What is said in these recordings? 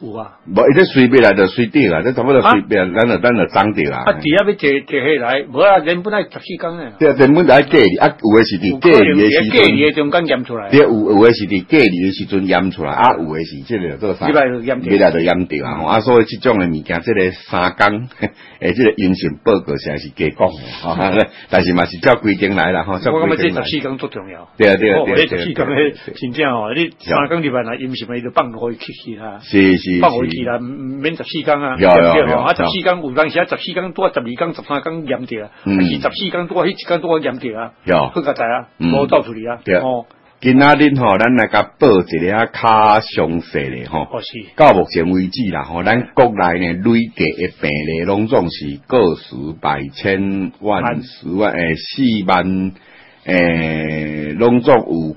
有啊，冇，啲隨便來着，隨啲啊，啲差不多隨便，咱佢咱佢爭掉啊。啊，啲啊要摕摕起來無啊，原本係十四工誒，對啊，原本係隔離啊，有誒時段，隔離誒，時隔離誒中間驗出來，對啊，有有嘅時隔離誒時陣驗出來啊，有嘅時即係做三，未來度驗掉啊，所以即種誒物件，即個三工，誒，即個陰性報告成日係講誒。但是嘛是照規定來啦。我感覺即十四工都重要。對啊對啊對啊，十四工誒真正哦，啲三工就話那陰性咪放崩開黐黐啦。是是。不可以啦，毋唔免十四天啊，十四天，啊、天有陣時啊十四天拄啊，十二天、十三天嚴啲啊，十四拄啊，迄一天拄啊，嚴啲啊，佢較仔啊，無到處理啊。今仔日吼，咱來甲報一個啊較詳細嘅，吼。哦，是。到目前為止啦，吼，咱國內嘅累計嘅病例攏總是個十百千萬還十萬誒、欸，四萬誒，攏、欸、總有。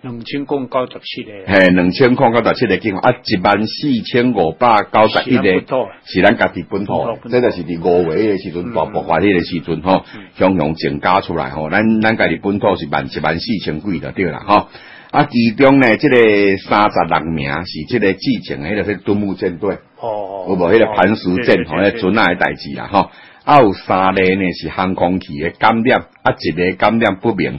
兩千、欸、公交十七個，係兩千公交十七個，幾啊，一萬四千五百九十一個，啊、是咱家己本土。呢是係五月迄個時陣，大爆發迄個時陣吼，雄雄增加出來吼，咱咱家己本土是萬一萬四千幾就對啦，吼，啊，其中呢，即、這個三十人名是即係之前嗰啲敦睦艦隊吼，那個哦、有無迄個磐石艦，可能做那啲事代誌啊有，有三個呢是航空器嘅感染，啊，一個感染不明。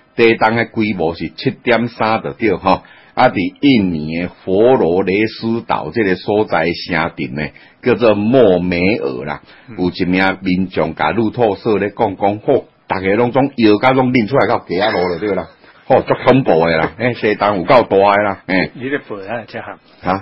地動嘅規模是七點三就對吼，啊！佇印尼嘅佛羅雷斯島，這個所在城鎮咧叫做莫梅爾啦，嗯、有一名民眾甲路透社咧講講，好，逐個攏從又家攏認出來到吉阿樓了對、哦、啦，好、 欸，足恐怖嘅啦，誒、欸，地動有夠大啦，誒，你咧背啊，真行。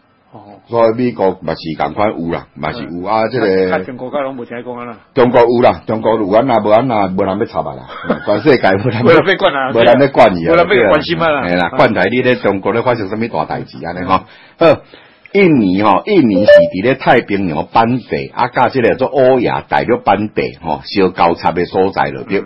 所以美國咪是咁款有啦，咪是有啊，這個，即係。中國家佬冇錢講啊，啦。中國有啦，中國有啊，冇啊，冇人要插埋啦。全世界冇人。冇人要管啊，冇人要管伊啊。係啦，軍隊啲咧，中國咧發生什麼大大事啊？你講，嗯，印尼吼，喔，印尼係喺太平洋板塊，啊加即係做歐亞大陸板，喔，塊了，吼，嗯，相交叉嘅所在嚟㗎。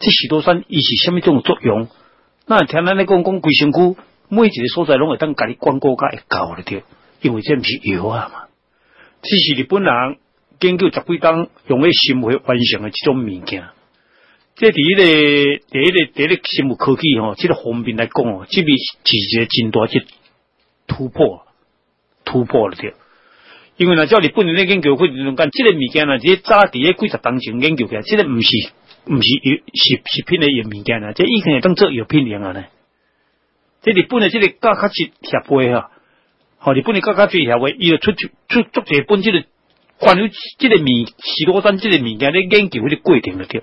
這許多山，伊是蝦米種作用？那聽咱咧講講龜形骨，每一個所在攏會當家己關顧加會教了，因為這唔是藥啊嘛。這是日本人研究十幾檔用咧生物完成的這種物件。這、那個、第一個第一個第一個生物科技吼、哦，這個方面來講哦，這邊是一個真大一突破，突破了掉。因為呐，若日本人咧研究，去兩間，這個物件呐，這些扎底的幾十檔前研究嘅，這個唔是。毋是藥食食品嘅物件咧，即以前當作藥品用咧。即日本嘅即個科學協會吓，吼、哦，日本嘅科學協會，伊就出出出即本即、這個關於即個面史羅丹即個物件咧研究迄個過程嚟嘅。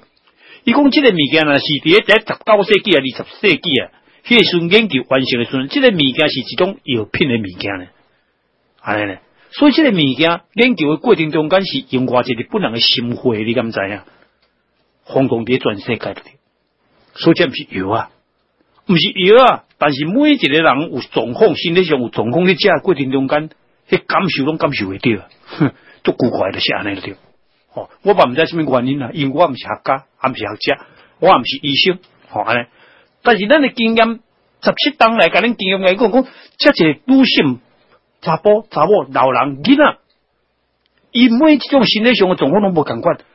伊講即個物件啊，是佇喺第十九世紀啊，二十世紀啊，迄個時陣研究完成嘅時陣，即個物件是一種藥品嘅物件咧。尼、啊、咧，所以即個物件研究嘅過程中間是用我即日本人嘅心血，你敢知影？轟動的全世界的，所以這不是藥啊，不是藥啊，但是每一個人有狀況，心理上有狀況的過程中間，去感受攏感受會到，都古怪的是安尼的，哦，我嘛唔知道什麼原因啊，因為我唔是學家，也唔是學者，我唔是醫生，吼安尼，但是咱的經驗，十七當來，甲恁經驗來講講，即個女性查甫查某老人囡仔，伊每一種心理上的狀況攏無共款。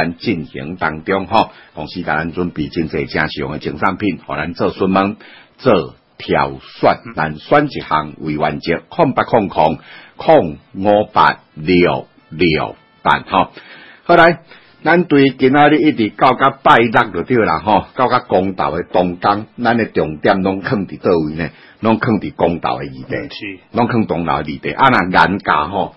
咱進行當中吼，公司甲咱準備真濟正常嘅獎賞品，互咱做順問，做挑選，咱選一項為原則，空八空空，空五八六六八吼。好來咱對今仔日一直到甲拜六就對啦吼，到甲公投嘅東東，咱嘅重點攏囥佇倒位呢，攏囥佇公投嘅議題，是，攏囥公投議題，啊呐，人家吼。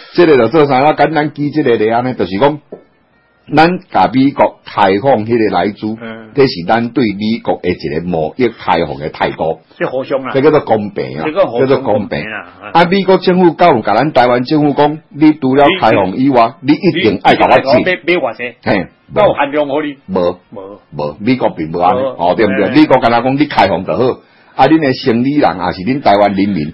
即個就說啥？咁簡單機個嚟安尼就是講，咱甲美國開放迄個來豬，呢是咱對美國嘅一個貿易開放嘅態度。即係何想啊？即叫做公平啊！即係何想？啊！美國政府敢有甲咱台灣政府講，你除了開放以外，你一定愛甲我。我咩咩話啫？吓，都限量我哋。冇冇冇，美國並冇啱。哦，對唔對？美國甲咱講，你開放就好。啊，你嘅生理人，啊，是你台灣人民。